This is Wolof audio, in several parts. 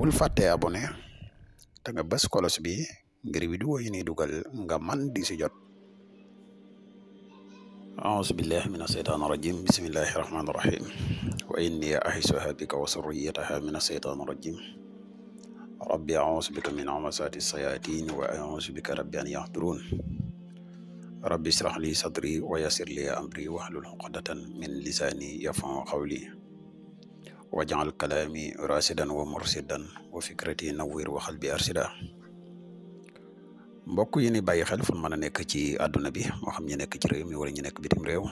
bul fàtte abonné te nga bës kolos bi ngir vidéo yi ni dugal nga man di si jot aousu billahi min asheytaan rajim bismillahi rahmaani rahim wa inni ahisuha bika wa surriyataha min asheytaan rajim rabbi aousu bika min amasati sayatin wa aousu bika rabbi an yahdurun rabbi israh li sadri wa yasir li amri wahlul uqdatan min lisani yafqahu qawli وجعل كلامي راشدا ومرشدا وفكرتي نوير وخل bi arsida mbokk yi ni bàyyi xel fu mën a nekk ci àdduna bi moo xam ñu nekk ci réew mi wala ñu nekk bitim réew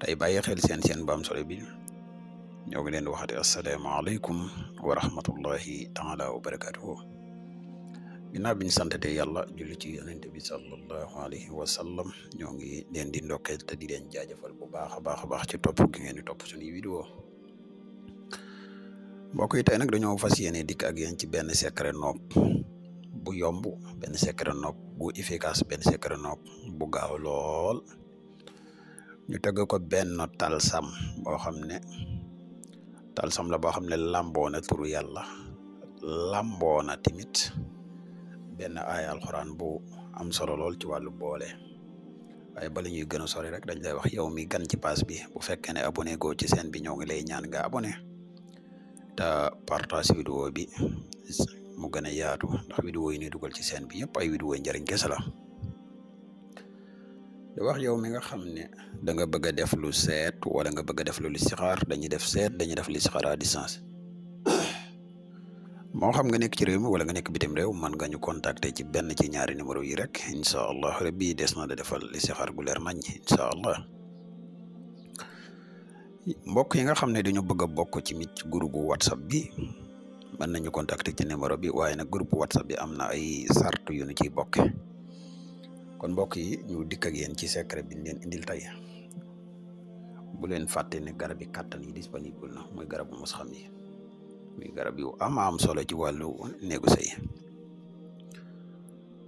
tey bàyyi xel seen seen baam solo bi ñoo ngi leen di waxati asalaamaaleykum wa rahmatullahi taala wa barakatuhu ginnaaw bi ñu santete yàlla julli ci yonente bi sallallahu alayhi wa sallam ñoo ngi leen di ndokkeel te di leen jaajëfal bu baax a baax a baax ci topp gi ngeen di topp suñuy vidéo bokku yi nak dañoo fasiyene dik ak yeen ci ben secret nop bu yomb ben secret nop bu efficace ben secret nop bu gaaw lol ñu tegg ko ben talsam bo xamne talsam la bo xamne lambo na turu yalla lambo na timit ben ay bu am solo lol ci walu boole ay ba ñuy gëna sori rek dañ lay wax yow mi gan ci pasbi, bi bu fekkene abonné go ci sen bi ñoo ngi lay ñaan nga abonné te partage vidéo bi mu gëna yaatu ndax vidéo yi ni duggal ci seen bi yëpp ay vidéo njëriñ kessa la da wax yow mi nga xamne da nga bëgg def lu seet wala nga bëgg def lu istikhar dañuy def seet dañuy def istikhar à distance mo xam nga nek ci réew mi wala nga nek bitim rew man nga ñu contacter ci ben ci ñaari numéro yi rek allah rabbi desna na da defal istikhar bu leer nañ allah mbokk yi nga xam ne dañu bëgg a bokk ci mit groupe whatsapp bi mën nañu contacter ci numéro bi waaye nag groupe whatsapp bi am na ay sart yu ñu ciy bokk kon mbokk yi ñu dikk ak ci secret bi ñu leen indil tey bu leen fàtte ne garab yi kàttan yi disponible na muy garabu mos xam yi muy garab yu am am solo ci wàllu néegu sëy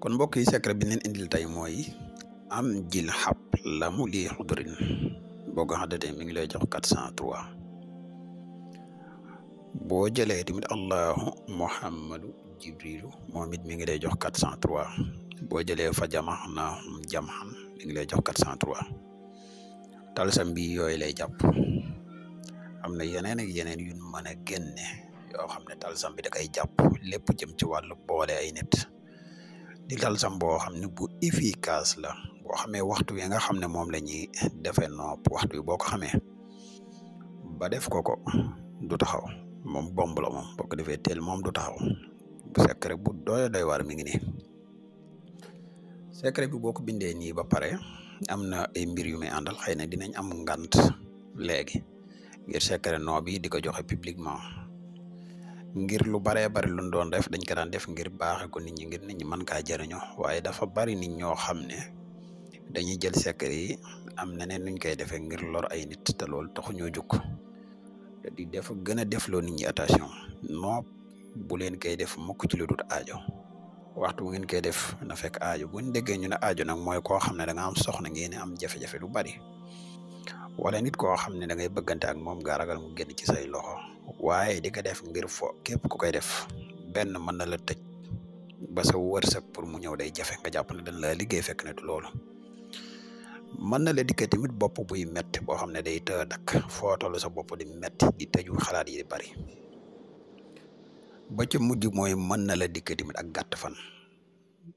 kon mbokk yi secret bi ñu leen tey mooy am jil xab la mu lii xudurin boo ko xaddatee mi ngi lay jox quatre cent trois boo jëlee tamit allahu muhammadu jibrilu moom it mi ngi lay jox quatre cent trois boo jëlee fa jamaxnaahum jamxan mi ngi lay jox quatre cent trois talsam bi yooyu lay jàpp am na yeneen ak yeneen yu mën a génne yoo xam ne talsam bi da koy jàpp lépp jëm ci wàllu boole ay nit di talsam boo xam ne bu efficace la boo xamee waxtu wi nga xam ne moom la ñuy defee no waxtu yi boo ko xamee ba def ko ko du taxaw moom bomb la moom boo ko defee teel moom du taxaw secret bu doy doy waar mi ngi nii secret bi boo ko bindee nii ba pare am na ay mbir yu may àndal xëy na dinañ am ngant léegi ngir secret no bi di ko joxe publiquement ngir lu baree bari luñ doon def dañ ko daan def ngir baaxe ko nit ñi ngir nit ñi mën kaa jëriñoo waaye dafa bari nit ñoo xam ne dañuy jël secret yi am neneen nuñ koy defee ngir lor ay nit te loolu taxu ñoo jóg te di def gën a defloo nit ñi attention noop bu leen koy def mukk ci lu dul aajo waxtu bu ngeen koy def na fekk aajo buñ déggee ñu ne aajo nag mooy koo xam ne da nga am soxna ngeen am jafe-jafe lu bari wala nit koo xam ne da ngay bëggante ak moom nga ragal mu génn ci say loxo waaye di ko def ngir fo képp ku koy def benn mën na la tëj ba sa wërsëg pour mu ñëw day jafe nga jàpp na dañ la liggéey fekk ne du loolu mën na la dikkee tamit bopp buy metti boo xam ne day të dakk foo toll sa bopp di metti di tëju xalaat yi di bari ba ca mujj mooy mën na la dikkee tamit ak gàtt fan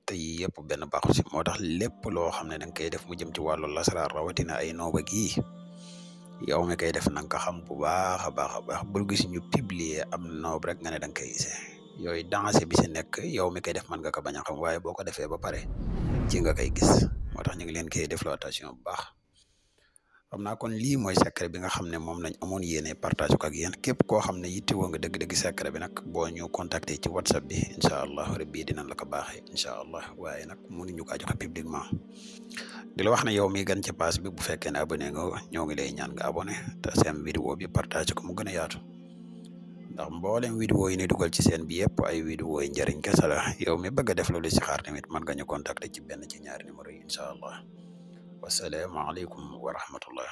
te yii yëpp benn baaxu moo tax lépp loo xam ne da nga koy def mu jëm ci wàllu lasaraar rawatina ay nooba gii yow mi koy def na nga xam bu baax a baax a baax bul gis ñu publier am noob rek nga ne da nga koy gisee yooyu dansé bi si nekk yow mi koy def mën nga ko bañ xam waaye boo ko defee ba pare ci nga koy gis. moo tax ñu ngi leen koy defloitation bu baax xam naa kon lii mooy secret bi nga xam ne moom lañ amoon yéene partage ko ak yen képp koo xam ne yittewoo nga dëgg-dëgg secret bi nag boo ñu contacter ci whatsapp bi incha allah rabbi dinañ la ko baaxee incha allah waaye a mënuñu kaa joxe publiquement di la wax ne yow mi gan ci pass bi bu fekkee ne abonné nga ñoo ngi lay ñaan nga abonné te seen vidéo bi partage ko mu gën a yaatu ndax mboolem vidéo yi ni dugal ci seen bi yëpp ay vidéo yi njëriñ kese la yow mi bëgg a def loolu si xaar tamit mën nga ñu contacter ci benn ci ñaari numéro yi incha allah wasalaamaaleykum wa rahmatullah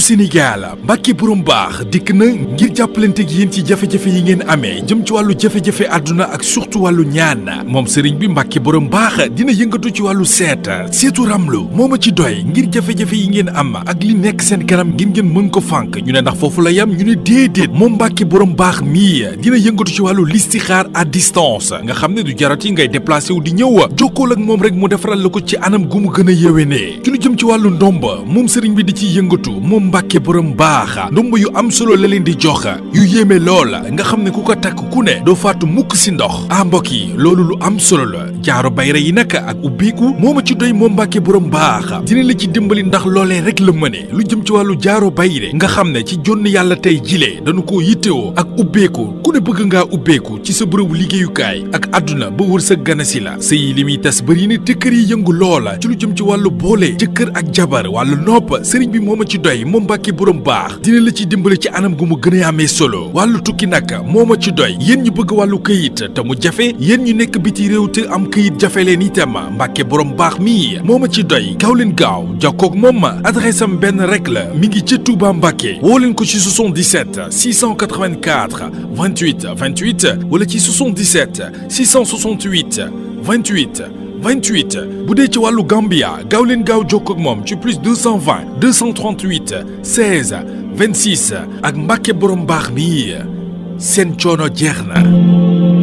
nguuru Sénégal Mbàkke borom di dikk na ngir jàppalante ak yeen ci jafe-jafe yi ngeen amé jëm ci walu jafe-jafe aduna ak surtout walu ñaan mom sëriñ bi Mbàkke borom bax dina yëngatu ci walu sét sétu ramlu moma ci doy ngir jafé jafé yi ngeen am ak li nekk seen kanam ngir ngeen mën ko fank ñu né ndax fofu la yam ñu né mom borom bax mi dina yëngatu ci walu listikhar à distance nga xamné du jarati ngay déplacer wu di ñëw jokkol ak mom rek mu défaral lako ci anam gumu gëna yewé né ci lu jëm ci walu ndomba mom sëriñ bi di ci yëngatu mom mbàkke borom baax ndomb yu am solo la leen di jox yu yéeme loola nga xam ne ku ko takk ku ne doo faatu mukk si ndox ah mbokk yi loolu lu am solo la jaaro bayra yi nag ak ubbiiku moo ma ci doy moo mbàkke borom baax dina la ci dimbali ndax loolee rek la mëne lu jëm ci wàllu jaaro bayre nga xam ne ci jonn yàlla tey jile danu ko yittewoo ak ubbeeku ku ne bëgg ngaa ubbeeku ci sa bërëbu liggéeyukaay ak àdduna ba wër sa ganasi la sëy li muy tas bëri ne te kër yi yëngu loola ci lu jëm ci wàllu boole jëkkër ak jabar wàllu nopp sëriñ bi moo ma ci doy Bamba Mbàkke borom baax dina la ci dimbali ci anam gu mu gën a amee solo wàllu tukki nag moo ma ci doy yéen ñu bëgg wàllu këyit te mu jafe yéen ñu nekk biti réew te am këyit jafe leen itam Mbàkke borom baax mii moo ma ci doy gaaw leen gaaw jokkook moom ma adresse sama benn rek la mi ngi ci Touba Mbàkke woo leen ko ci 77 684 28 28 wala ci 77 668 28 28 bu dee ci wàllu Gambia gaaw leen gaaw jokkoo moom ci plus 220 238 16 26 ak Mbàkke borom baax mi seen coono jeex na.